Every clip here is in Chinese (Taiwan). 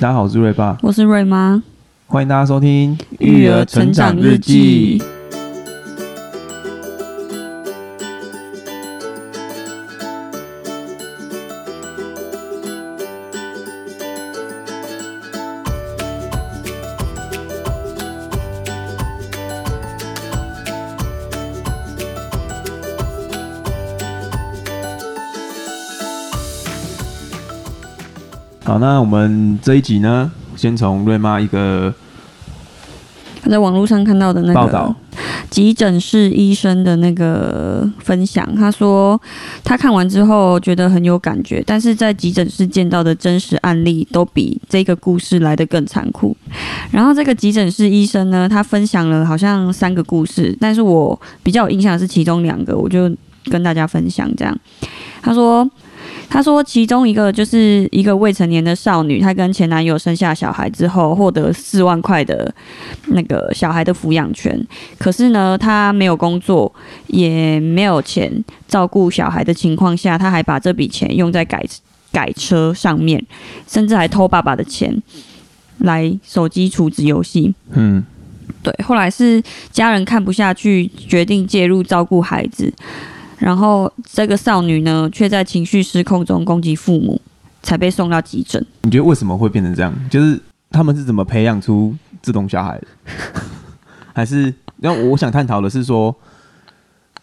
大家好，我是芮爸，我是芮媽，歡迎大家收聽《育兒成長日記》育兒成長日記。那我們這一集呢，先從芮媽一個他在網絡上看到的那個報道，急診室醫生的那個分享。他說他看完之後覺得很有感覺，但是在急診室見到的真實案例都比這個故事來得更殘酷。然後這個急診室醫生呢，他分享了好像三個故事，但是我比較有印象的是其中兩個，我就跟大家分享這樣。他說。他說，其中一個就是一個未成年的少女，她跟前男友生下小孩之後，獲得四萬塊的那個小孩的撫養權。可是呢，她沒有工作，也沒有錢照顧小孩的情況下，她還把這筆錢用在改改車上面，甚至還偷爸爸的錢來手機儲值遊戲。嗯，對。後來是家人看不下去，決定介入照顧孩子。然後這個少女呢，卻在情緒失控中攻擊父母，才被送到急診。你覺得為什麼會變成這樣？就是他們是怎麼培養出這種小孩的？ 還是那我想探討的是說，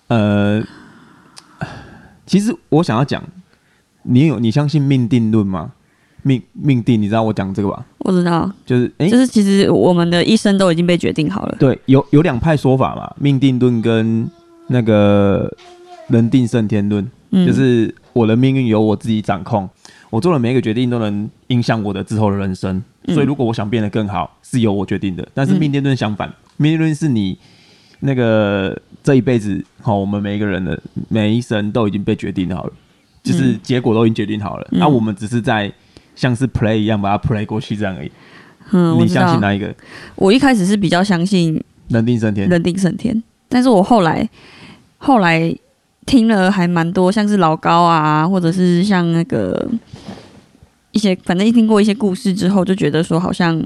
呃，其實我想要講，你有你相信命定論嗎？命命定，你知道我講這個吧？我知道，就是誒，欸、就是其實我們的一生都已經被決定好了。對，有有兩派說法嘛，命定論跟那個。人定勝天論，嗯、就是我的命運由我自己掌控，我做的每一個決定都能影響我的之後的人生。嗯、所以，如果我想變得更好，是由我決定的。但是命天論相反，嗯、命天論是你那個這一輩子，好，我們每一個人的每一生都已經被決定好了，嗯、就是結果都已經決定好了。那、嗯、我們只是在像是 play 一樣把它 play 過去這樣而已。嗯，你相信哪一個？我我一開始是比較相信人定勝天，人定勝天。但是我後來，後來。聽了還蠻多，像是老高啊，或者是像那個一些，反正一聽過一些故事之後，就覺得說好像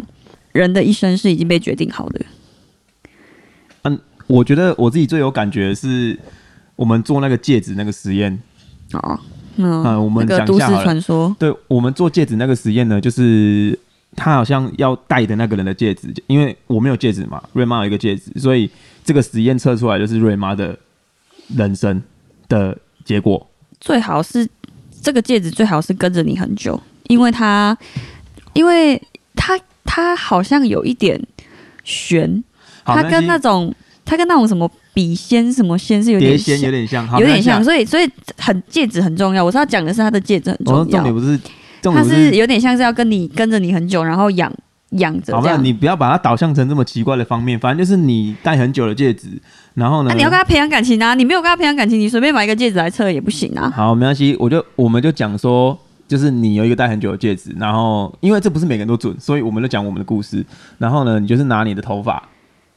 人的一生是已經被決定好的。嗯，我覺得我自己最有感覺是我們做那個戒指那個實驗。哦，那嗯，我們的都市傳說。對，我們做戒指那個實驗呢，就是他好像要戴的那個人的戒指，因為我沒有戒指嘛，芮媽有一個戒指，所以這個實驗測出來就是芮媽的人生。的結果，最好是這個戒指最好是跟着你很久，因為它，因為它它好像有一點玄，它跟那種它跟那種什麼筆仙什麼仙是有點有點像、啊、有點像，所以所以很戒指很重要。我是要講的是它的戒指很重要。重點不是，重點不是它是有點像是要跟你跟着你很久，然後養。這樣好像你不要把它導向成這麼奇怪的方面。反正就是你戴很久的戒指，然後呢？那、啊、你要跟他培養感情啊！你沒有跟他培養感情，你隨便買一個戒指來測也不行啊。好，沒關係，我就我們就講說，就是你有一個戴很久的戒指，然後因為這不是每個人都準，所以我們就講我們的故事。然後呢，你就是拿你的頭髮。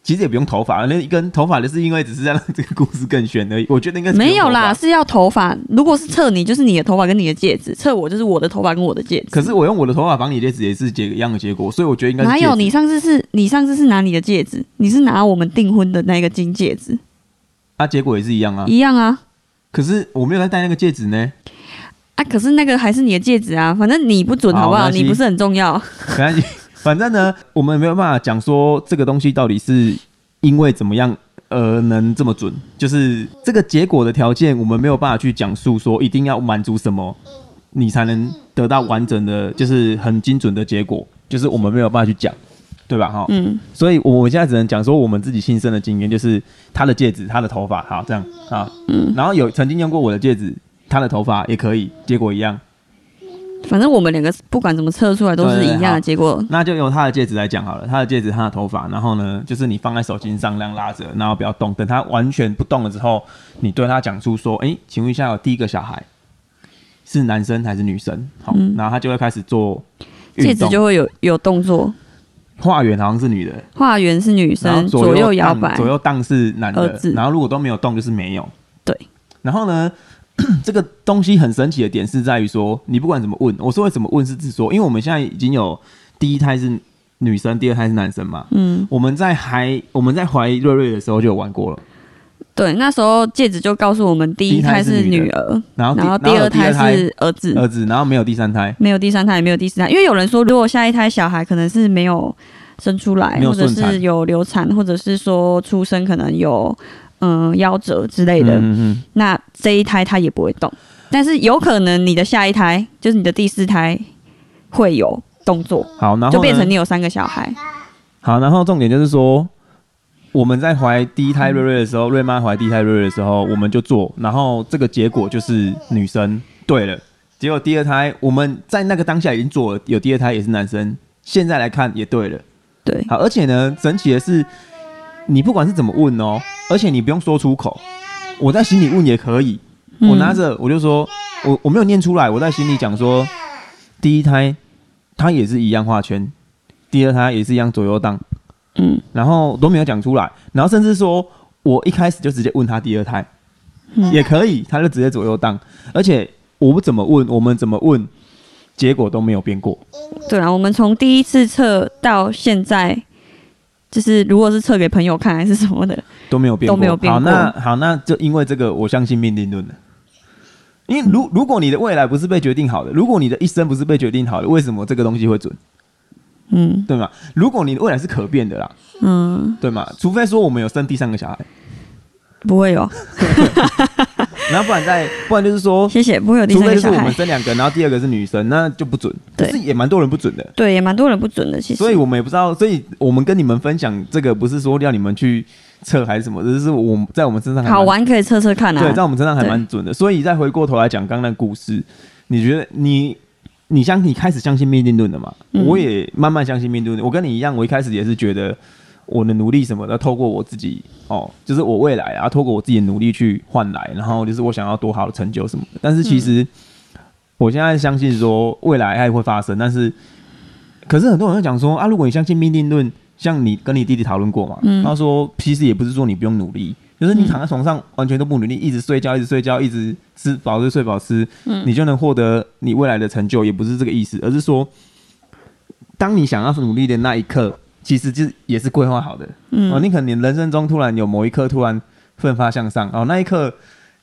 其實也不用頭髮，那一根頭髮的是因為只是讓這個故事更懸而已。我覺得應該沒有啦，是要頭髮。如果是測你，就是你的頭髮跟你的戒指；測我，就是我的頭髮跟我的戒指。可是我用我的頭髮綁你的戒指也是結一樣的結果，所以我覺得應該哪有？你上次是你上次是拿你的戒指，你是拿我們訂婚的那個金戒指，啊，結果也是一樣啊，一樣啊。可是我沒有在戴那個戒指呢，啊，可是那個還是你的戒指啊，反正你不準好不好？啊，你不是很重要。反正呢，我們沒有辦法講說這個東西到底是因為怎麼樣，而能這麼準，就是這個結果的條件，我們沒有辦法去講述說一定要滿足什麼，你才能得到完整的，就是很精準的結果，就是我們沒有辦法去講，對吧？哈，嗯，所以我現在只能講說我們自己親身的經驗，就是他的戒指，他的頭髮，好，這樣啊，嗯，然後有曾經用過我的戒指，他的頭髮也可以，結果一樣。反正我們兩個不管怎麼測出來都是一樣的結果對對對。那就用他的戒指來講好了，他的戒指、他的頭髮，然後呢，就是你放在手心上這樣拉着，然後不要動。等他完全不動了之後，你對他講出說：“哎、欸，請問一下，有第一個小孩是男生還是女生？”嗯、好，然後他就會開始做戒指就會有有動作。畫圓好像是女的，畫圓是女生，左右搖擺，左右盪是男的。子然後如果都沒有動，就是沒有。對，然後呢？這個東西很神奇的點是在於說，你不管怎麼問，我說為什麼問是自說，因為我們現在已經有第一胎是女生，第二胎是男生嘛。嗯，我們在懷我們在懷瑞瑞的時候就有玩過了。對，那時候戒指就告訴我們第一胎是女兒，女然後然後第二胎是兒子，兒子，然後沒有第三胎，沒有第三胎，沒有第四胎，因為有人說，如果下一胎小孩可能是沒有生出來，或者是有流產，或者是說出生可能有。嗯，夭折之類的，嗯、哼那這一胎他也不會動，但是有可能你的下一胎， 就是你的第四胎會有動作。好，然後就變成你有三個小孩。好，然後重點就是說，我們在懷第一胎瑞瑞的時候，嗯、瑞媽懷第一胎瑞瑞的時候，我們就做，然後這個結果就是女生。對了，結果第二胎我們在那個當下已經做了，有第二胎也是男生，現在來看也對了。對，好，而且呢，整體的是。你不管是怎麼問哦，而且你不用說出口，我在心裡問也可以。嗯、我拿着，我就說，我我沒有念出來，我在心裡講說，第一胎他也是一樣畫圈，第二胎也是一樣左右盪，嗯，然後都沒有講出來，然後甚至說我一開始就直接問他第二胎、嗯、也可以，他就直接左右盪，而且我不怎麼問，我們怎麼問，結果都沒有變過。對啊，我們從第一次測到現在。就是，如果是測給朋友看，還是什麼的，都沒有變過。都沒有變過。好，那好，那就因為這個，我相信命定論了。因為如果、嗯、如果你的未來不是被決定好的，如果你的一生不是被決定好的，為什麼這個東西會準？嗯，對嗎？如果你的未來是可變的啦，嗯，對嗎？除非說我們有生第三個小孩，不會有。 然不然在不然就是說，謝謝不會有第三個。除非是我們生兩個，然後第二個是女生，那就不準。對，也蠻多人不準的。對，也蠻多人不準的。其實，所以我們也不知道。所以我們跟你們分享這個，不是說要你們去測還是什麼，只是我在我們身上好玩可以測測看啊。對，在我們身上還蠻準的。對對所以再回過頭來講剛剛那個故事，你覺得你你相你開始相信命定論的嘛？我也慢慢相信命定論。我跟你一樣，我一開始也是覺得。我的努力什麼的，透過我自己哦，就是我未來啊，透過我自己的努力去換來，然後就是我想要多好的成就什麼的。但是其實，嗯、我現在相信說未來還會發生，但是可是很多人會講說啊，如果你相信命定論，像你跟你弟弟討論過嘛，嗯、他說其實也不是說你不用努力，就是你躺在床上完全都不努力，一直睡覺，一直睡覺，一直吃飽就睡，飽吃，嗯、你就能獲得你未來的成就，也不是這個意思，而是說，當你想要努力的那一刻。其實就是也是規劃好的，嗯、哦，你可能你人生中突然有某一刻突然奮發向上，哦，那一刻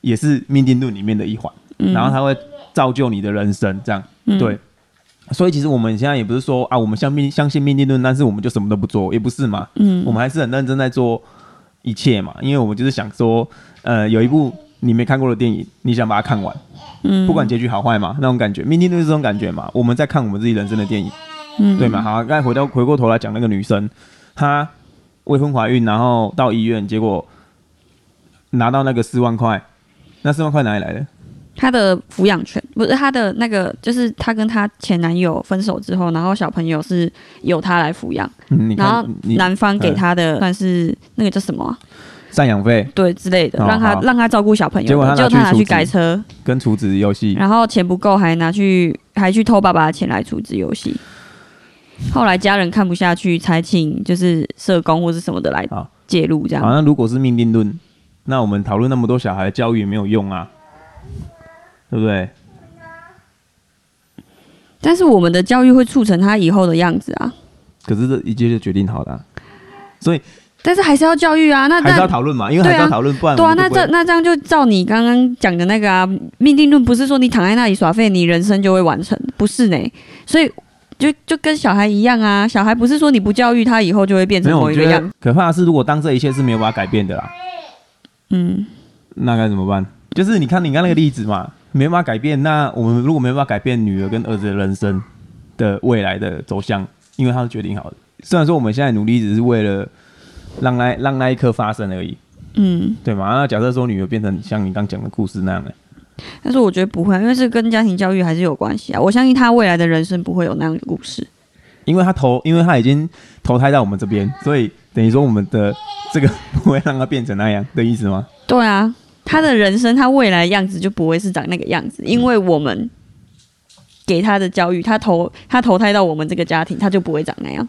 也是命定論裡面的一環，嗯、然後它會造就你的人生，這樣，嗯、對，所以其實我們現在也不是說啊，我們相相信命定論，但是我們就什麼都不做，也不是嘛，嗯，我們還是很認真在做一切嘛，因為我們就是想說，呃，有一部你沒看過的電影，你想把它看完，嗯，不管結局好壞嘛，那種感覺，命定論是這種感覺嘛，我們在看我們自己人生的電影。嗯嗯對嘛。好、啊，剛才回到回過頭來講那個女生，她未婚懷孕，然後到醫院，結果拿到那個四萬塊，那四萬塊哪裡來的？她的撫養權不是她的那個，就是她跟她前男友分手之後，然後小朋友是由她來撫養，嗯、然後男方給她的算是那個叫什麼、啊？贍養費，對之類的，哦、讓他、哦、讓他照顧小朋友，結果，結果他拿去改車，跟儲值遊戲，然後錢不夠還拿去還去偷爸爸的錢來儲值遊戲。後來家人看不下去，才請就是社工或是什麼的來介入這樣。好，那如果是命定論，那我們討論那麼多小孩教育也沒有用啊，對不對？但是我們的教育會促成他以後的樣子啊。可是這一切就決定好了啊，所以但是還是要教育啊，那還是要討論嘛，因為還是要討論。啊、不然不對啊，那這那這樣就照你剛剛講的那個啊，命定論不是說你躺在那裡耍廢，你人生就會完成，不是呢，所以。就就跟小孩一樣啊，小孩不是說你不教育他以後就會變成我一個樣。可怕的是，如果當這一切是沒有辦法改變的啦。嗯。那該怎麼辦？就是你看你剛那個例子嘛，沒辦法改變。那我們如果沒辦法改變女兒跟兒子的人生的未來的走向，因為他是決定好的。雖然說我們現在努力只是為了讓那讓那一刻發生而已。嗯。對嘛？那假設說女兒變成像你剛講的故事那樣的。但是我覺得不會、啊，因為是跟家庭教育還是有關係啊。我相信他未來的人生不會有那樣的故事，因為他投，因為他已經投胎到我們這邊，所以等於說我們的這個不會讓他變成那樣的意思嗎？對啊，他的人生他未來的樣子就不會是長那個樣子，嗯、因為我們給他的教育，他投他投胎到我們這個家庭，他就不會長那樣。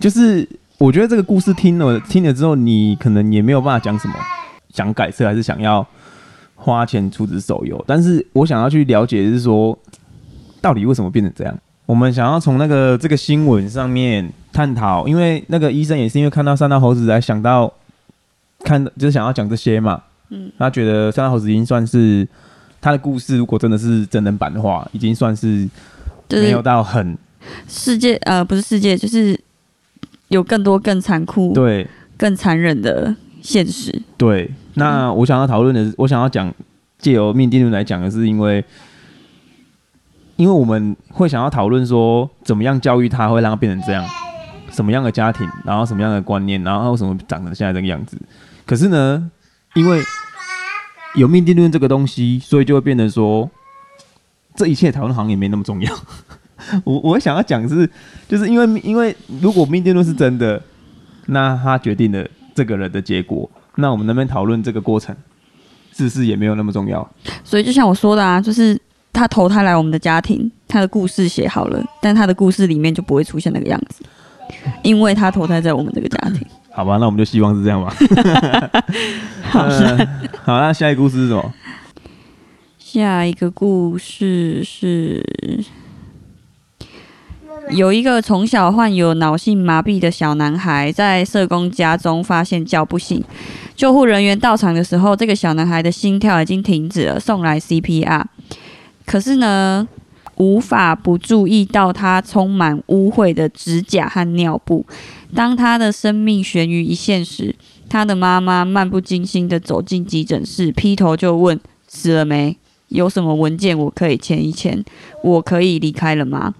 就是我覺得這個故事聽了聽了之後，你可能也沒有辦法講什麼，講改色還是想要。花錢出資手遊，但是我想要去了解，就是說到底為什麼變成這樣？我們想要從那個這個新聞上面探討，因為那個醫生也是因為看到山道猴子，才想到看，就是想要講這些嘛。嗯，他覺得山道猴子已經算是他的故事，如果真的是真人版的話，已經算是沒有到很世界，呃、不是世界，就是有更多更殘酷、對更殘忍的現實，對。那我想要討論的是，我想要講，借由命定論來講的是，因為，因為我們會想要討論說，怎麼樣教育他，會讓他變成這樣，什麼樣的家庭，然後什麼樣的觀念，然後為什麼長得現在這個樣子。可是呢，因為有命定論這個東西，所以就會變成說，這一切討論好像也沒那麼重要。 我我想要講的是，就是因為因為如果命定論是真的，那他決定了這個人的結果。那我們那邊討論這個過程，自私也沒有那麼重要。所以就像我說的啊，就是他投胎來我們的家庭，他的故事寫好了，但他的故事裡面就不會出現那個樣子， 因為他投胎在我們這個家庭。好吧，那我們就希望是這樣吧。 好， 呃、好，那下一個故事是什麼？下一個故事是，有一個從小患有腦性麻痹的小男孩，在社工家中發現叫不醒。救護人員到場的時候，這個小男孩的心跳已經停止了，送來 CPR。可是呢，無法不注意到他充滿污穢的指甲和尿布。當他的生命懸於一線時，他的媽媽漫不經心的走進急診室，劈頭就問：“死了沒有？有什麼文件我可以簽一簽？我可以離開了嗎？”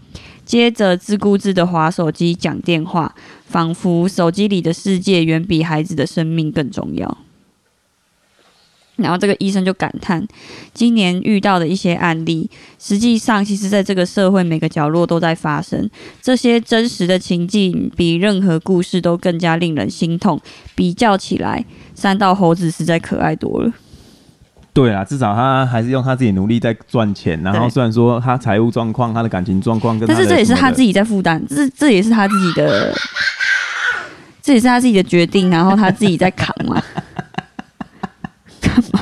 接着自顧自的滑手機、講電話，仿佛手機裡的世界遠比孩子的生命更重要。然後這個醫生就感嘆，今年遇到的一些案例，實際上其實在這個社會每個角落都在發生。這些真實的情境比任何故事都更加令人心痛。比較起來，山道猴子實在可愛多了。對啊，至少他還是用他自己努力在賺錢，然後雖然說他財務狀況、對他的感情狀況跟，但是這也是他自己在負擔，這這也是他自己的， 這也是他自己的決定，然後他自己在扛嘛。幹嘛？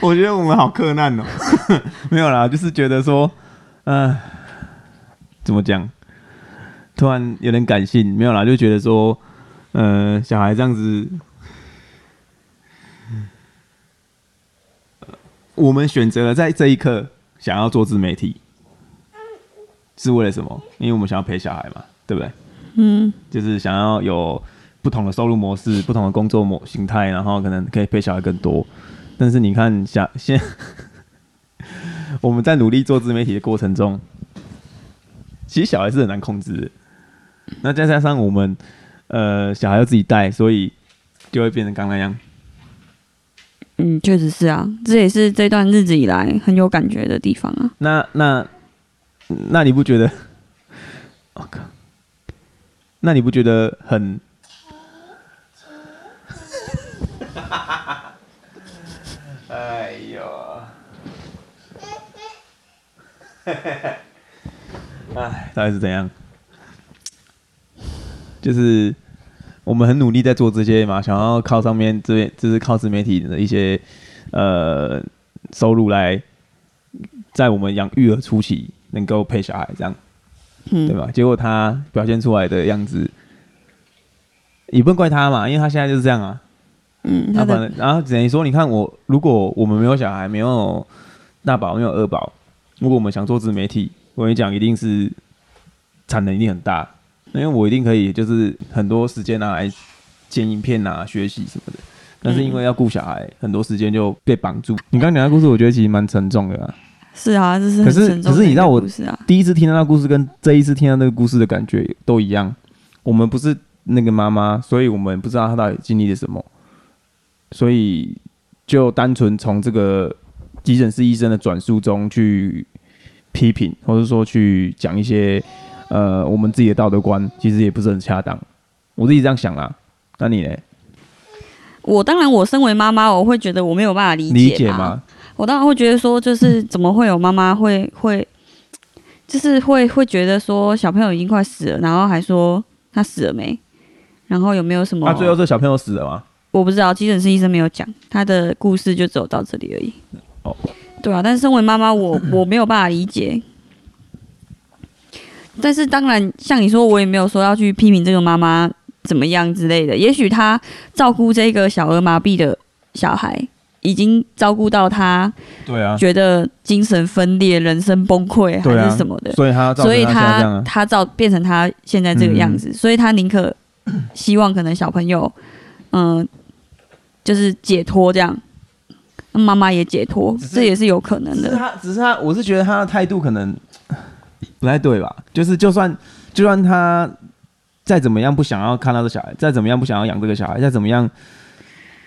我覺得我們好克難哦， 沒有啦，就是覺得說，嗯、呃，怎麼講，突然有點感性，沒有啦，就覺得說，呃，小孩這樣子。我們選擇了在這一刻想要做自媒體，是為了什麼？因為我們想要陪小孩嘛，對不對？嗯，就是想要有不同的收入模式、不同的工作模形態，然後可能可以陪小孩更多。但是你看，像現 我們在努力做自媒體的過程中，其實小孩是很難控制的。那再加上我們呃，小孩要自己帶，所以就會變成剛剛那樣。嗯，確實是啊，這也是這段日子以來很有感覺的地方啊。那那那你不覺得？我靠！那你不覺得很？ 哎呦！哎， 到底是怎樣？就是。我們很努力在做這些嘛，想要靠上面這邊，就是靠自媒體的一些，呃，收入來，在我們養育兒初期能夠陪小孩這樣，嗯、對吧？結果他表現出來的樣子，也不能怪他嘛，因為他現在就是這樣啊。嗯，反正他本的然後等於說，你看我，如果我們沒有小孩，沒有大寶，沒有二寶，如果我們想做自媒體，我跟你講，一定是產能一定很大。因為我一定可以，就是很多時間拿來剪影片啊、學習什麼的。但是因為要顧小孩，嗯、很多時間就被綁住。你剛剛講的故事，我覺得其實蠻沉重的、啊。是啊，這是很沉重的、啊、可是可是你讓我第一次聽到那個故事、啊，跟這一次聽到那個故事的感覺都一樣。我們不是那個媽媽，所以我們不知道她到底經歷了什麼。所以就單純從這個急診室醫生的轉述中去批評，或者說去講一些。呃，我們自己的道德觀其實也不是很恰當，我自己這樣想啦，那、啊、你呢？我當然，我身為媽媽，我會覺得我沒有辦法理解，理解嗎？我當然會覺得說，就是怎麼會有媽媽會、嗯、會，就是會會覺得說小朋友已經快死了，然後還說他死了沒，然後有沒有什麼？那、啊、最後這小朋友死了嗎？我不知道，急診室醫生沒有講，他的故事就走到這裡而已。哦，對啊，但是身為媽媽，我 我沒有辦法理解。但是當然，像你說，我也沒有說要去批評這個媽媽怎麼樣之類的。也許她照顧這個小兒麻痹的小孩，已經照顧到她，對啊，覺得精神分裂、人生崩潰還是什麼的，啊啊、所以她、啊，她造，她變成她現在這個樣子，嗯嗯，所以她寧可希望可能小朋友，嗯，就是解脫這樣，媽媽也解脫，是這也是有可能的。只是她，我是覺得她的態度可能，不太對吧？就是就算就算他再怎麼樣不想要看他的小孩，再怎麼樣不想要養這個小孩，再怎麼樣，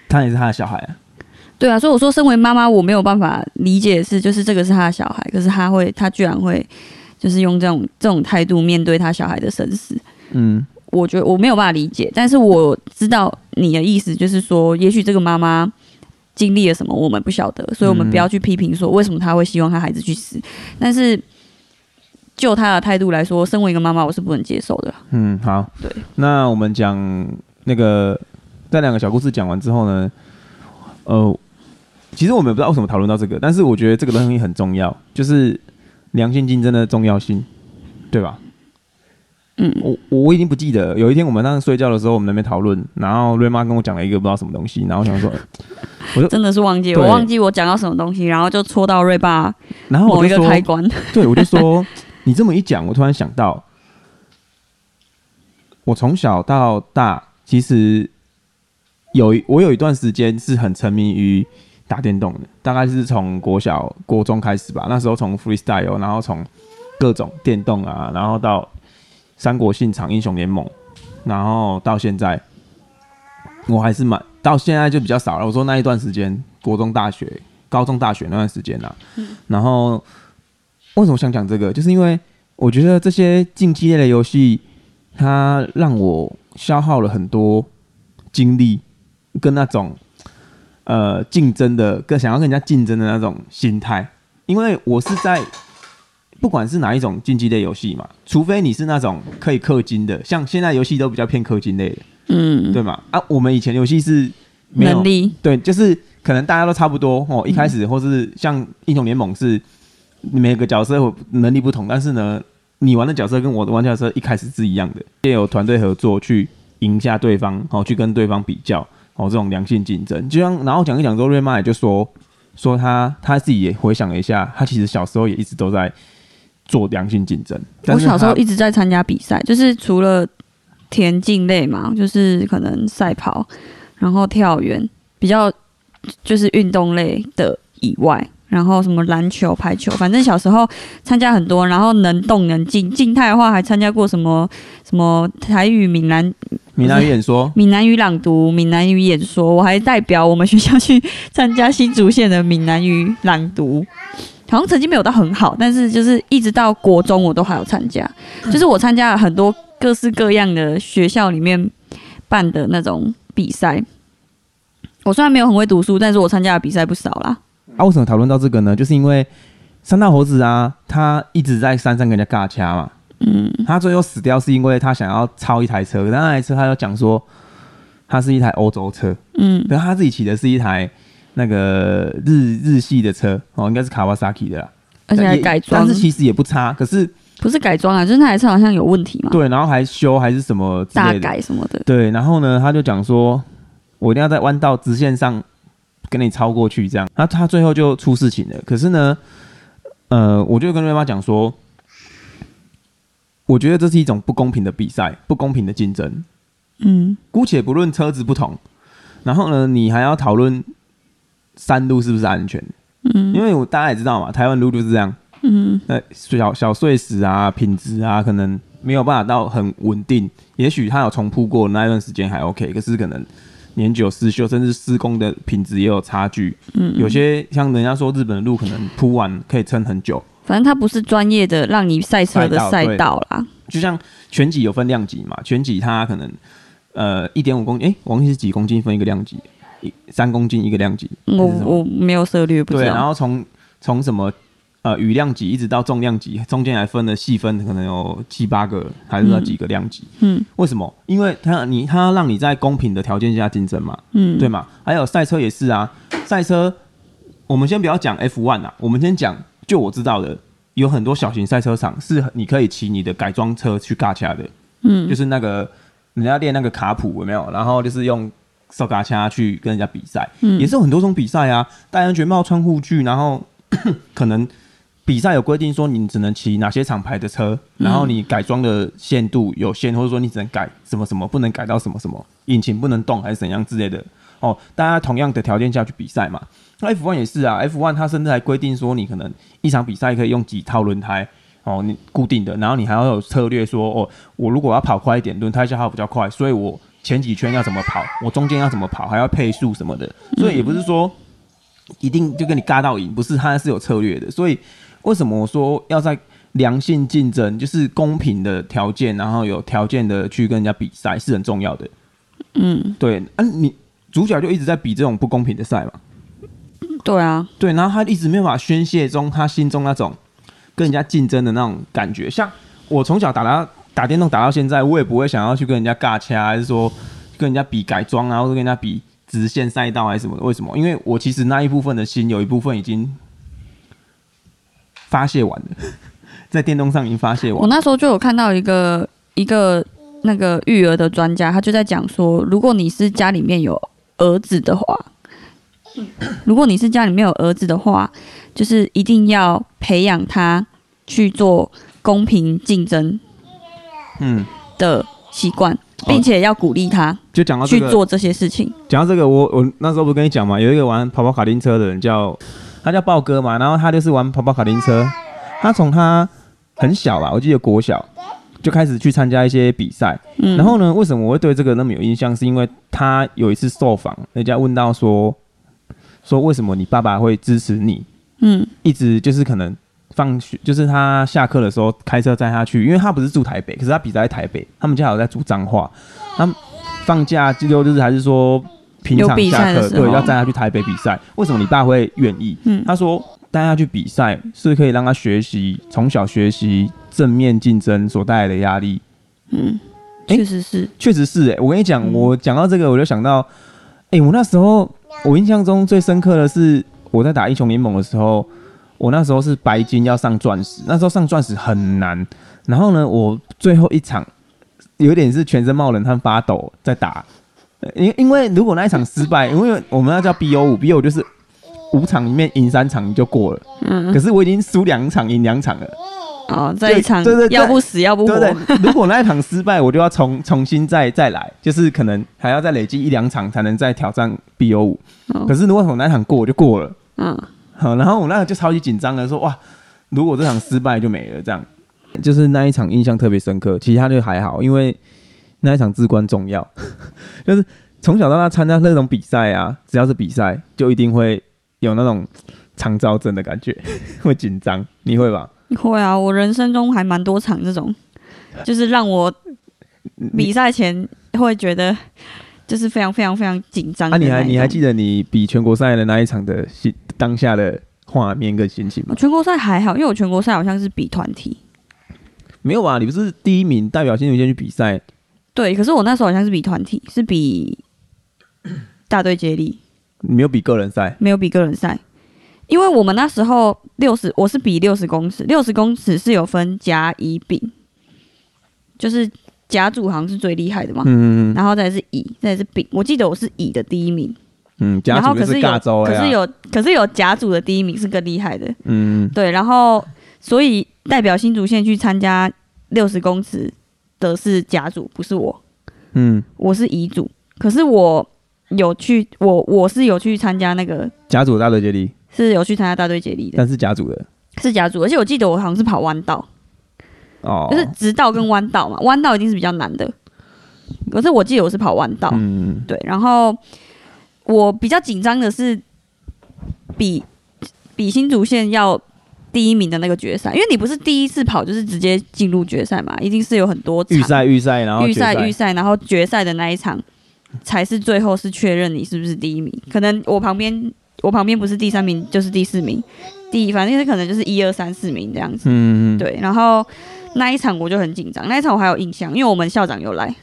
他也是他的小孩啊。對啊，所以我說，身為媽媽，我沒有辦法理解的是，就是這個是他的小孩，可是他會，他居然會，就是用這種這種態度面對他小孩的生死。嗯，我覺得我沒有辦法理解，但是我知道你的意思，就是說，也許這個媽媽經歷了什麼，我們不曉得，所以我們不要去批評說為什麼他會希望他孩子去死，但是。就他的態度來說，身為一個媽媽，我是不能接受的。嗯，好。對，那我們講那個，在兩個小故事講完之後呢，呃，其實我們也不知道為什麼討論到這個，但是我覺得這個東西很重要，就是良性競爭的重要性，對吧？嗯，我我已經不記得有一天我們當時睡覺的時候，我們那邊討論，然後芮媽跟我講了一個不知道什麼東西，然後我想說， 欸、我說真的是忘記，對我忘記我講到什麼東西，然後就戳到芮爸某，然後一個開關，對，我就說。 你這麼一講，我突然想到，我從小到大其實有一我有一段時間是很沉迷於打電動的，大概是從國小、國中開始吧。那時候從 freestyle 然後從各種電動啊，然後到三國信長、英雄聯盟，然後到現在，我還是蠻到現在就比較少了。我說那一段時間，國中、大學、高中、大學那段時間吶、啊，嗯、然後。為什麼想講這個？就是因為我覺得這些競技類的遊戲，它讓我消耗了很多精力跟那種呃競爭的、更想要跟人家競爭的那種心態。因為我是在不管是哪一種競技類遊戲嘛，除非你是那種可以氪金的，像現在遊戲都比較偏氪金類的，嗯，對嗎？啊，我們以前遊戲是沒有能力，對，就是可能大家都差不多哦。一開始或是像英雄聯盟是。每個角色能力不同，但是呢，你玩的角色跟我的玩的角色一開始是一樣的，也有團隊合作去贏下對方，哦、喔，去跟對方比較，哦、喔，這種良性競爭。就像然後講一講周芮媽也就說，說他他自己也回想了一下，他其實小時候也一直都在做良性競爭。我小時候一直在參加比賽，就是除了田徑類嘛，就是可能賽跑，然後跳遠，比較就是運動類的以外。然後什麼籃球、排球，反正小時候參加很多，然後能動能靜。靜態的話，還參加過什麼什麼台語閩南閩南語演說、閩南語朗讀、閩南語演說。我還代表我們學校去參加新竹縣的閩南語朗讀，朗讀好像成績沒有到很好，但是就是一直到國中我都還有參加。就是我參加了很多各式各樣的學校裡面辦的那種比賽。我雖然沒有很會讀書，但是我參加的比賽不少啦。啊，為什麼討論到這個呢？就是因為山道猴子啊，他一直在山上跟人家尬車嘛。嗯，他最後死掉是因為他想要超一台車，那台車他就講說，他是一台歐洲車。嗯，然後他自己騎的是一台那個日日系的車哦，應該是卡瓦薩基的啦。而且還改裝，但是其實也不差。可是不是改裝啊，就是那台車好像有問題嘛。對，然後還修還是什麼大改什麼的。對，然後呢，他就講說，我一定要在彎道直線上。跟你超過去這樣，那他最後就出事情了。可是呢，呃，我就跟芮媽講說，我覺得這是一種不公平的比賽，不公平的競爭。嗯，姑且不論車子不同，然後呢，你還要討論山路是不是安全？嗯，因為我大家也知道嘛，台灣路就是這樣。嗯，那小小碎石啊、品質啊，可能沒有辦法到很穩定。也許他有重鋪過那段時間還 OK，可是可能。年久失修，甚至施工的品質也有差距。嗯，嗯，有些像人家說日本的路可能鋪完可以撐很久。反正它不是專業的讓你賽車的賽道，對道啦。就像拳擊有分量級嘛，拳擊它可能呃，一點五公斤，誒、欸，王毅是幾公斤分一個量級？三公斤一個量級。我我沒有涉獵，不知道對，然後從從什麼？呃，雨量級一直到重量級，中間還分了細分，可能有七八個，還是那幾個量級。嗯，嗯為什麼？因為他你他讓你在公平的條件下競爭嘛。嗯，對嘛？還有賽車也是啊，賽車我們先不要講 F1 啊，我們先講，就我知道的，有很多小型賽車場是你可以騎你的改裝車去尬掐的。嗯，就是那個人家練那個卡普有沒有？然後就是用手嘎掐去跟人家比賽，嗯，也是有很多種比賽啊，戴安全帽、穿護具，然後 可能。比賽有規定說你只能騎哪些廠牌的車，然後你改裝的限度有限，或者說你只能改什麼什麼，不能改到什麼什麼，引擎不能動還是怎樣之類的哦。大家同樣的條件下去比賽嘛。那 F 1也是啊，F 1它甚至還規定說你可能一場比賽可以用幾套輪胎哦，你固定的，然後你還要有策略說哦，我如果要跑快一點，輪胎消耗比較快，所以我前幾圈要怎麼跑，我中間要怎麼跑，還要配速什麼的。所以也不是說一定就跟你尬到贏，不是，它是有策略的，所以。為什麼我說要在良性競爭，就是公平的條件，然後有條件的去跟人家比賽，是很重要的。嗯，對，嗯、啊，你主角就一直在比這種不公平的賽嘛？對啊，對，然後他一直沒有辦法宣洩中他心中那種跟人家競爭的那種感覺。像我從小打他打電動打到現在，我也不會想要去跟人家尬掐，還是說跟人家比改裝啊，或者跟人家比直線賽道還是什麼的？為什麼？因為我其實那一部分的心有一部分已經。發洩完了，在電動上已經發洩完。我那時候就有看到一個一個那個育兒的專家，他就在講說，如果你是家裡面有兒子的話，如果你是家裡面有兒子的話，就是一定要培養他去做公平競爭，嗯的習慣，並且要鼓勵他，就講到去做這些事情。講到這個，我我那時候不是跟你講嗎？有一個玩跑跑卡丁車的人叫。他叫豹哥嘛，然後他就是玩跑跑卡丁車。他從他很小吧，我記得國小就開始去參加一些比賽。嗯，然後呢，為什麼我會對這個那麼有印象？是因為他有一次受訪，人家問到說，說為什麼你爸爸會支持你？嗯，一直就是可能放學，就是他下課的時候開車載他去，因為他不是住台北，可是他比賽在台北，他們家好像在住彰化。他們放假之後就是還是說。平常下課，對，要帶他去台北比賽，為什麼你爸會願意？嗯、他說帶他去比賽是，是可以讓他學習，從小學習正面競爭所帶來的壓力。嗯，確實是，確、欸、實是、欸。哎，我跟你講，我講到這個，我就想到，哎、嗯欸，我那時候我印象中最深刻的是我在打英雄聯盟的時候，我那時候是白金要上鑽石，那時候上鑽石很難。然後呢，我最後一場有點是全身冒冷汗發抖在打。因因為如果那一場失敗，因為我們要叫 BO 五，BO 五就是五場裡面贏三場就過了。嗯。可是我已經輸兩場，贏兩場了。哦，就這一場，對對對對，要不死要不活。對，對，對。 如果那一場失敗，我就要重重新再再來，就是可能還要再累積一兩場才能再挑戰 BO 五。哦。可是如果我那一場過，我就過了。嗯。好，然後我那個就超級緊張的說：“哇，如果這場失敗就沒了。”這樣， 就是那一場印象特別深刻。其他就還好，因為。那一場至關重要， 就是從小到大參加那種比賽啊，只要是比賽，就一定會有那種腸躁症的感覺， 會緊張，你會吧？你會啊，我人生中還蠻多場這種，就是讓我比賽前會覺得就是非常非常非常緊張。啊，你還你還記得你比全國賽的那一場的心當下的畫面跟心情嗎？全國賽還好，因為我全國賽好像是比團體，沒有啊。你不是第一名，代表新竹縣去比賽。對，可是我那時候好像是比團體，是比大隊接力，沒有比個人賽，沒有比個人賽，因為我們那時候六十，我是比六十公尺，六十公尺是有分甲乙丙，就是甲組好像是最厲害的嘛，嗯，然後再是乙，再是丙，我記得我是乙的第一名，嗯，甲然後可是有，可是有，可是有甲組的第一名是更厲害的，嗯，對，然後所以代表新竹縣去參加六十公尺。的是甲組，不是我。嗯，我是乙組，可是我有去，我我是有去參加那個甲組大隊接力，是有去參加大隊接力的，但是甲組的，是甲組，而且我記得我好像是跑彎道，哦，就是直道跟彎道嘛，彎道一定是比較難的，可是我記得我是跑彎道，嗯，對，然後我比較緊張的是比比新竹線要。第一名的那個決賽，因為你不是第一次跑，就是直接進入決賽嘛，一定是有很多預賽、預賽，然後預賽、預賽，然後決賽的那一場才是最後是確認你是不是第一名。可能我旁邊，我旁邊不是第三名就是第四名，第一反正就是可能就是一二三四名這樣子。嗯嗯對，然後那一場我就很緊張，那一場我還有印象，因為我們校長有來，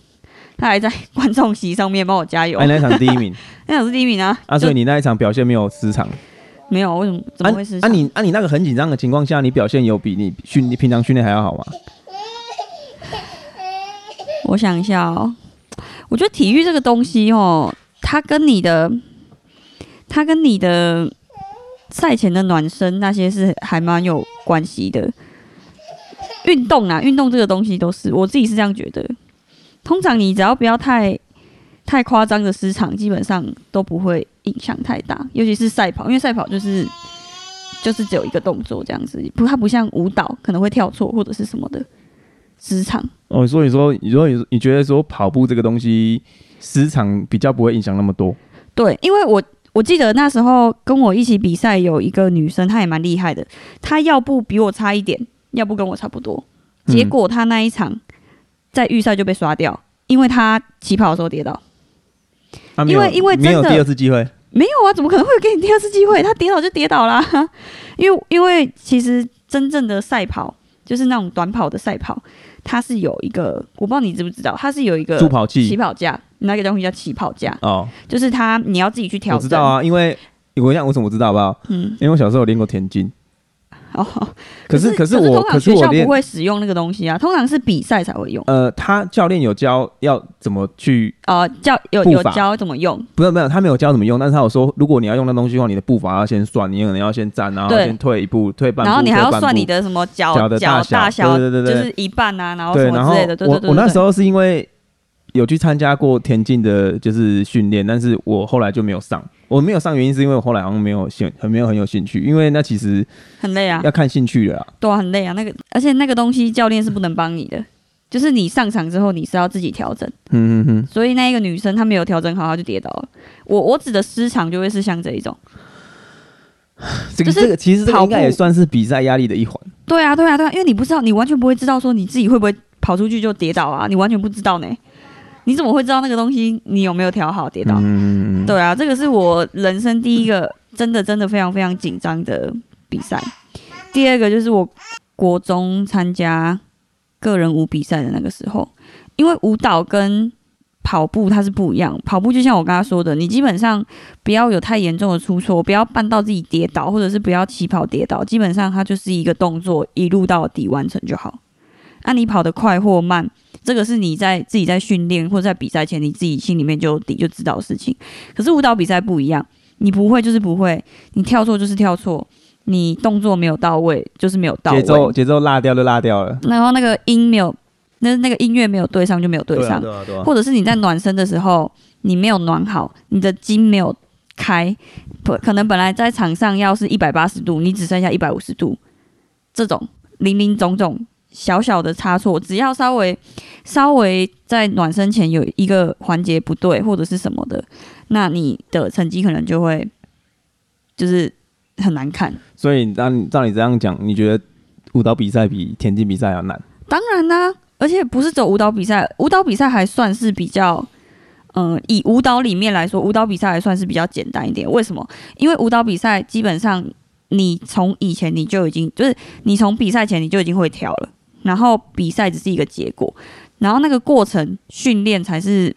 他還在觀眾席上面幫我加油。哎，那一場第一名， 那場是第一名啊。啊，所以你那一場表現沒有失常？沒有，為什麼？怎麼回事？啊，啊你啊你那個很緊張的情況下，你表現有比你訓你平常訓練還要好嗎？我想一下哦，我覺得體育這個東西哦，它跟你的，它跟你的賽前的暖身那些是還蠻有關係的。運動啊，運動這個東西都是我自己是這樣覺得。通常你只要不要太太誇張的失常，基本上都不會影響太大，尤其是賽跑，因為賽跑就是就是只有一個動作這樣子，不，它不像舞蹈可能會跳錯或者是什麼的失常。場哦，所以說，你說你你覺得說跑步這個東西失常比較不會影響那麼多。對，因為我我記得那時候跟我一起比賽有一個女生，她也蠻厲害的，她要不比我差一點，要不跟我差不多，結果她那一場在預賽就被刷掉，嗯。因為她起跑的時候跌倒。因為因為真的，第二次機會，沒有啊，怎麼可能會給你第二次機會？他跌倒就跌倒啦。因為因為其實真正的賽跑就是那種短跑的賽跑，它是有一個，我不知道你知不知道，它是有一個助跑器、起跑架，跑那個東西叫起跑架哦。就是它，你要自己去調，我知道啊，因為我想我怎麼知道好不好？嗯，因為我小時候練過田徑。哦，可是可是，可是我，可是我不會使用那個東西啊，通常是比賽才會用。呃，他教練有教要怎麼去呃教有，有教怎麼用？不是沒有，他沒有教怎麼用，但是他有說，如果你要用那東西的話，你的步伐要先算，你可能要先站，然後先退一步，退半步，然後你還要算你的什麼腳腳的大小，大小對，對對對，就是一半啊，然後什麼之類的。對我對對對對對，我那時候是因為有去參加過田徑的，就是訓練，但是我後來就沒有上。我沒有上原因是因為我後來好像沒有興很沒有很有興趣，因為那其實很累啊，要看興趣的啊，對啊很累啊，那個而且那個東西教練是不能幫你的，就是你上場之後你是要自己調整，嗯嗯，哼嗯，所以那一個女生她沒有調整好，她就跌倒了。我我指的失常就會是像這一種， 這個、就是、這個其實跑步應該也算是比賽壓力的一環，對啊對啊對啊，因為你不知道，你完全不會知道說你自己會不會跑出去就跌倒啊，你完全不知道呢。你怎麼會知道那個東西你有沒有調好跌倒？嗯、對啊，這個是我人生第一個真的真的非常非常緊張的比賽。第二個就是我國中參加個人舞比賽的那個時候，因為舞蹈跟跑步它是不一樣，跑步就像我剛剛說的，你基本上不要有太嚴重的出錯，不要絆到自己跌倒，或者是不要起跑跌倒，基本上它就是一個動作一路到底完成就好。那、啊、你跑得快或慢？這個是你在自己在訓練或者在比賽前，你自己心裡面就有底就知道的事情。可是舞蹈比賽不一樣，你不會就是不會，你跳錯就是跳錯，你動作沒有到位就是沒有到位。節奏節奏落掉就落掉了，然後那個音沒有，那那個音樂沒有對上就沒有對上，或者是你在暖身的時候你沒有暖好，你的筋沒有開，可能本來在場上要是一百八十度，你只剩下一百五十度，這種林林總總。小小的差錯，只要稍微稍微在暖身前有一個環節不對，或者是什麼的，那你的成績可能就會就是很難看。所以，你照你這樣講，你覺得舞蹈比賽比田徑比賽要難？當然啦、啊，而且不是走舞蹈比賽，舞蹈比賽還算是比較，嗯、呃，以舞蹈裡面來說，舞蹈比賽還算是比較簡單一點。為什麼？因為舞蹈比賽基本上你從以前你就已經就是你從比賽前你就已經會跳了。然後比賽只是一個結果，然後那個過程訓練才是，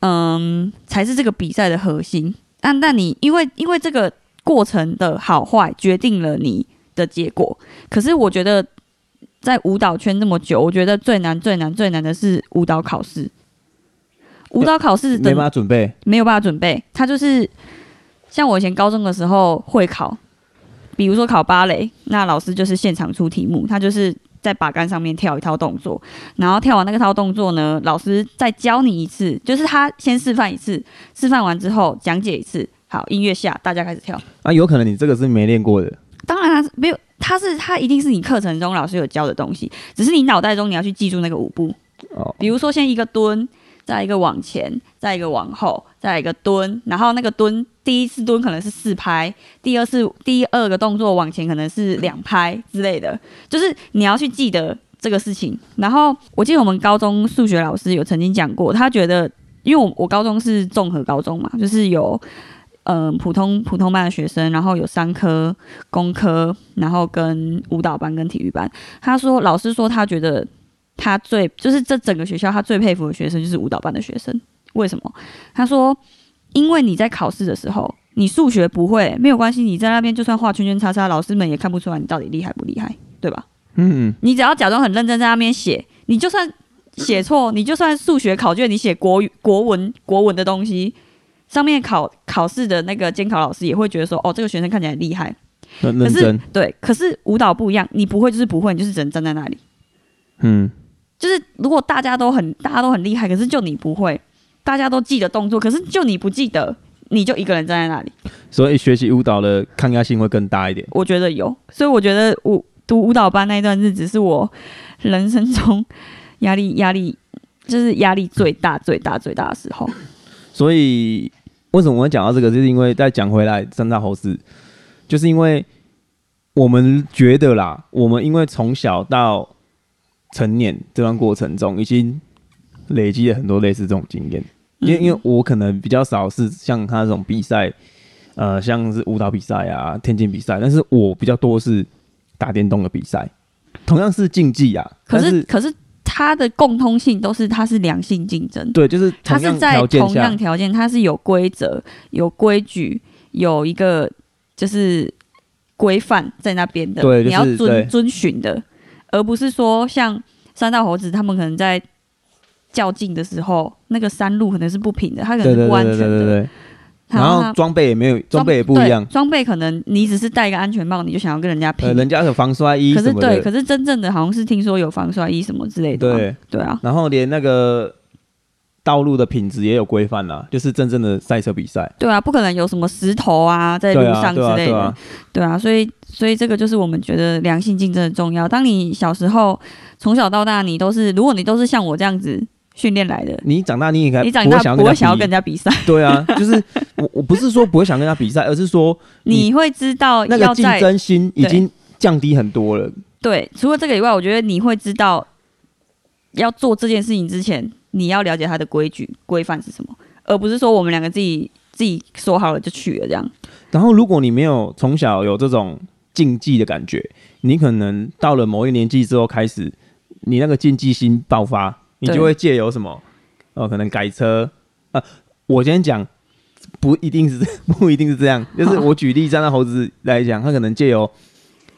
嗯，才是這個比賽的核心。按，那你因為因為這個過程的好壞決定了你的結果。可是我覺得在舞蹈圈那麼久，我覺得最難最難最難的是舞蹈考試。舞蹈考試沒辦法準備，沒有辦法準備。他就是像我以前高中的時候會考，比如說考芭蕾，那老師就是現場出題目，他就是。在把杆上面跳一套動作，然後跳完那個套動作呢，老師再教你一次，就是他先示範一次，示範完之後講解一次。好，音樂下，大家開始跳。那、啊、有可能你這個是沒練過的。當然了沒有，他是他一定是你課程中老師有教的東西，只是你腦袋中你要去記住那個舞步。哦，比如說先一個蹲。再一個往前，再一個往後，再一個蹲，然後那個蹲第一次蹲可能是四拍，第二次第二個動作往前可能是兩拍之類的，就是你要去記得這個事情。然後我記得我們高中數學老師有曾經講過，他覺得因為我我高中是綜合高中嘛，就是有嗯、呃、普通普通班的學生，然後有三科工科，然後跟舞蹈班跟體育班。他說老師說他覺得。他最就是這整個學校，他最佩服的學生就是舞蹈班的學生。為什麼？他說：“因為你在考試的時候，你數學不會沒有關係，你在那邊就算畫圈圈叉叉，老師們也看不出來你到底厲害不厲害，對吧？嗯，你只要假裝很認真在那邊寫，你就算寫錯，你就算數學考卷你寫國語國文國文的東西，上面考考試的那個監考老師也會覺得說，哦，這個學生看起來厲害，嗯、可是認真。對，可是舞蹈不一樣，你不會就是不會，你就是只能站在那裡，嗯。”就是如果大家都很大家都很厲害，可是就你不會，大家都記得動作，可是就你不記得，你就一個人站在那裡。所以學習舞蹈的抗壓性會更大一點，我覺得有。所以我覺得舞讀舞蹈班那段日子是我人生中壓力壓力就是壓力最大最大最大的時候。 所以為什麼我會講到這個，是因為再講回來山道猴子，就是因為我們覺得啦，我們因為從小到。成年這段過程中，已經累積了很多類似這種經驗。因為因為我可能比較少是像他這種比賽，呃，像是舞蹈比賽啊、田徑比賽，但是我比較多是打電動的比賽。同樣是競技啊，可是，是可是它的共通性都是它是良性競爭，對，就是它是在同樣條件，它是有規則、有規矩、有一個就是規範在那邊的，對就是、你要遵對遵循的。而不是說像山道猴子他們可能在較勁的時候，那個山路可能是不平的，它可能是不安全的。對，對，對，對，對，對，然後裝備也沒有，裝、裝備也不一樣。裝備可能你只是戴一個安全帽，你就想要跟人家拼。人家有防摔衣。可是對，可是真正的好像是聽說有防摔衣什麼之類的，啊。對對啊。然後連那個。道路的品質也有規範吶，就是真正的賽車比賽。對啊，不可能有什麼石頭啊在路上之類的。對啊，所以所以這個就是我們覺得良性競爭的重要。當你小時候從小到大，你都是如果你都是像我這樣子訓練來的，你長大你應該你長大不會想要跟人家比賽。對啊，就是我 我不是說不會想跟他比賽，而是說你會知道那個競爭心已經降低很多了對。對，除了這個以外，我覺得你會知道要做這件事情之前。你要了解他的規矩規範是什麼，而不是說我們兩個自己自己說好了就去了這樣。然後，如果你沒有從小有這種競技的感覺，你可能到了某一年紀之後開始，你那個競技心爆發，你就會借由什麼，對哦，可能改車啊、呃。我先講，不一定是不一定是這樣，就是我舉例，山道猴子來講，啊、他可能借由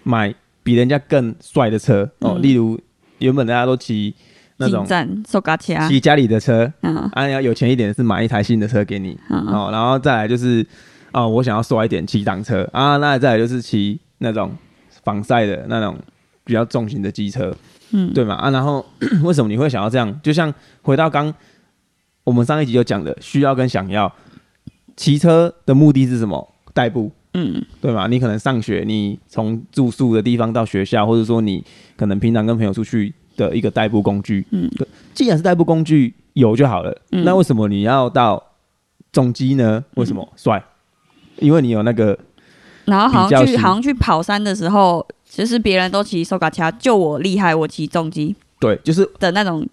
買比人家更帥的車哦，嗯、例如原本大家都騎。那種騎家裡的車，啊，你要有錢一點是買一台新的車給你，哦，哦，然後再來就是，啊、哦，我想要帥一點車，騎檔車啊，那再來就是騎那種仿賽的那種比較重型的機車，嗯，對嘛，啊，然後為什麼你會想要這樣？就像回到剛我們上一集就講的，需要跟想要，騎車的目的是什麼？代步，嗯，對嘛？你可能上學，你從住宿的地方到學校，或者說你可能平常跟朋友出去的一個代步工具，嗯，對，既然是代步工具，有就好了，嗯、那為什麼你要到重機呢？為什麼帥、嗯？因為你有那個，然後好像去好像去跑山的時候，其實別人都騎速克達，就我厲害，我騎重機。對，就是的那種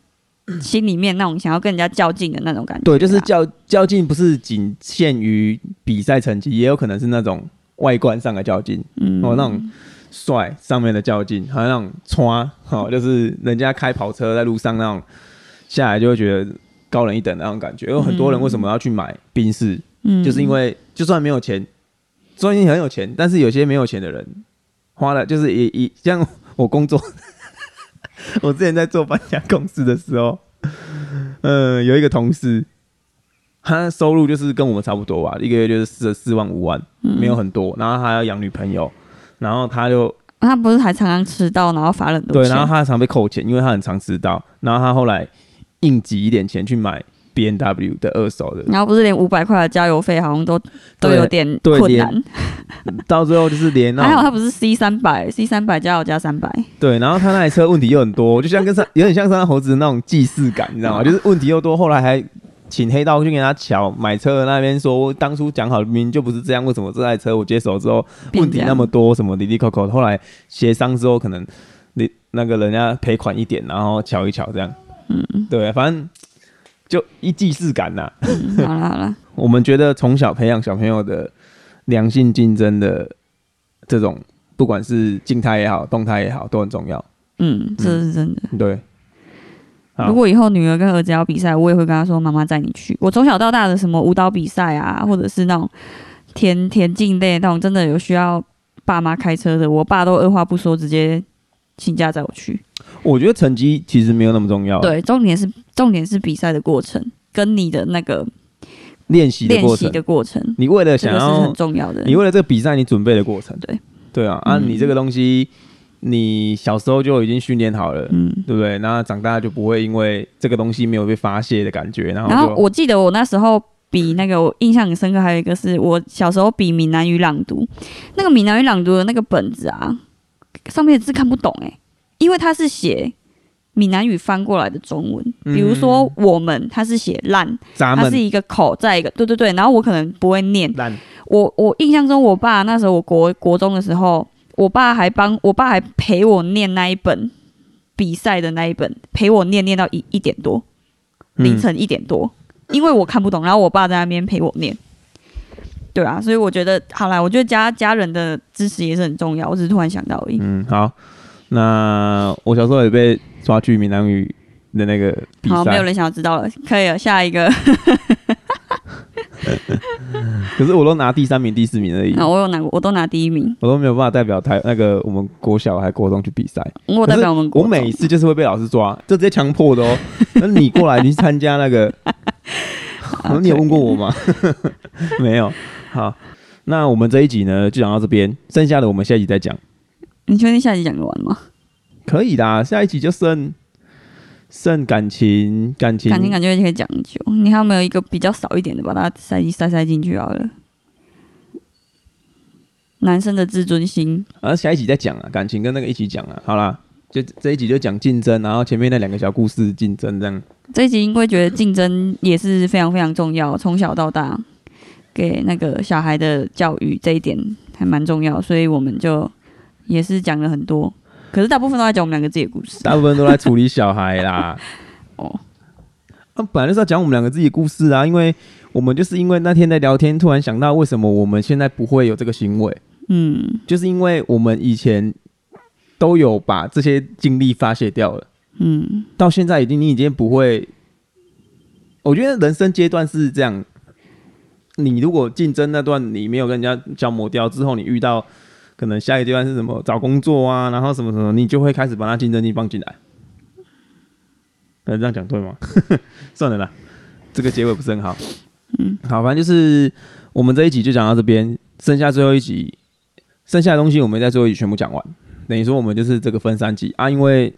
心裡面那種想要跟人家較勁的那種感覺。對，就是較較勁，不是僅限於比賽成績，也有可能是那種外觀上的較勁，嗯，哦，那種。帥上面的較勁，好像穿好、喔、就是人家開跑車在路上那種，下來就會覺得高人一等的那種感覺。有很多人為什麼要去買賓士？嗯，就是因為就算沒有錢，雖然很有錢，但是有些沒有錢的人花了就是一一像我工作， 我之前在做搬家公司的時候，嗯，有一個同事，他收入就是跟我們差不多吧，一個月就是四四萬五萬，沒有很多，嗯、然後他還要養女朋友。然後他就，他不是還常常遲到，然後罰很多錢。對，然後他常被扣錢，因為他很常遲到。然後他後來應急一點錢去買 BMW 的二手的。然後不是連五百塊的加油費好像都對都有點困難。 到最後就是連還好他不是 C 三百 ，C 三百加油加三百。對，然後他那台車問題又很多，就像跟山， 有點像山道猴子的那種既視感，你知道嗎？ 就是問題又多，後來還。請黑道去給他喬，買車的那邊說，我當初講好明明就不是這樣，為什麼這台車我接手之後問題那麼多？什麼哩哩扣扣，後來協商之後，可能你那個人家賠款一點，然後喬一喬這樣。嗯嗯，對，反正就一既視感吶、啊嗯。好了好了， 我們覺得從小培養小朋友的良性競爭的這種，不管是靜態也好，動態也好，都很重要。嗯，嗯，這是真的。對。好如果以後女兒跟兒子要比賽，我也會跟他說：“媽媽帶你去。”我從小到大的什麼舞蹈比賽啊，或者是那種田田徑類那種真的有需要爸媽開車的，我爸都二話不說直接請假載我去。我覺得成績其實沒有那麼重要。對，重點是重點是比賽的過程跟你的那個練習練習的過程。你為了想要這個是很重要的，你為了這個比賽你準備的過程，對對啊，按、啊、你這個東西。嗯你小時候就已經訓練好了，嗯，對不對？那長大就不會因為這個東西沒有被發洩的感覺，然後我就，然後我記得我那時候比那個，我印象很深刻，還有一個是我小時候比閩南語朗讀，那個閩南語朗讀的那個本子啊，上面的字看不懂哎、欸，因為它是寫閩南語翻過來的中文，比如說我們他，它是寫爛，它是一個口再一個，對對對，然後我可能不會唸。爛，我我印象中，我爸那時候我國國中的時候。我爸還幫我爸還陪我念那一本比賽的那一本，陪我念念到一一點多，凌晨一點多，嗯、因為我看不懂，然後我爸在那邊陪我念。對啊，所以我覺得，好啦，我覺得家家人的支持也是很重要。我只是突然想到而已。嗯，好，那我小時候也被抓去閩南語的那個比賽，好，沒有人想要知道了，可以了，下一個。 可是我都拿第三名、第四名而已。那我有拿過，我都拿第一名，我都沒有辦法代表台那個我們國小還國中去比賽。我代表我們國，我每一次就是會被老師抓，就直接強迫的哦。那 你過來，你去參加那個，那 好 你有問過我嗎？ 沒有。好，那我們這一集呢，就講到這邊，剩下的我們下一集再講。你確定下一集講得完嗎？可以的，下一集就剩。剩感情，感情，感情感覺也可以講究。你還有沒有一個比較少一點的，把它塞塞塞進去好了。男生的自尊心，啊，下一集再講啊，感情跟那個一起講啊，好啦，就這一集就講競爭，然後前面那兩個小故事競爭這樣。這一集因為覺得競爭也是非常非常重要，從小到大給那個小孩的教育這一點還蠻重要，所以我們就也是講了很多。可是大部分都在講我們兩個自己的故事，大部分都在處理小孩啦。 哦，那、啊、本來就是要講我們兩個自己的故事啊，因為我們就是因為那天在聊天，突然想到為什麼我們現在不會有這個行為。嗯，就是因為我們以前都有把這些精力發洩掉了。嗯，到現在已經你已經不會，我覺得人生階段是這樣，你如果競爭那段你沒有跟人家消磨掉之後，你遇到。可能下一階段是什麼找工作啊，然後什麼什麼，你就會開始把他競爭力放進來。可這樣講對嗎？ 算了啦，這個結尾不是很好。嗯，好，反正就是我們這一集就講到這邊，剩下最後一集，剩下的東西我們在最後一集全部講完。等於說我們就是這個分三集啊，因為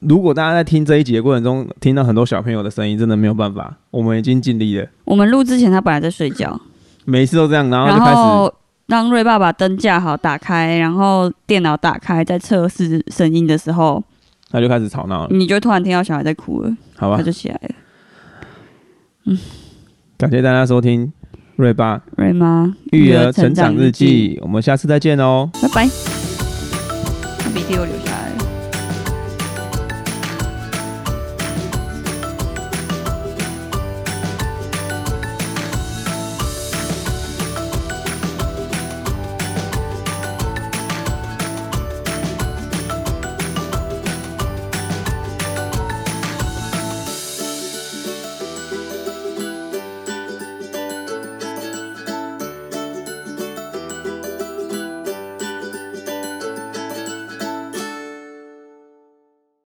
如果大家在聽這一集的過程中聽到很多小朋友的聲音，真的沒有辦法，我們已經盡力了。我們錄之前他本來在睡覺，每一次都這樣，然後就開始。當芮爸把燈架好，打開，然後電腦打開，在測試聲音的時候，他就開始吵鬧了。你就突然聽到小孩在哭了，好吧？他就起來了。嗯，感謝大家收聽芮爸、芮媽媽育兒成長日記，媽我們下次再見哦，拜拜。把 v o 留下。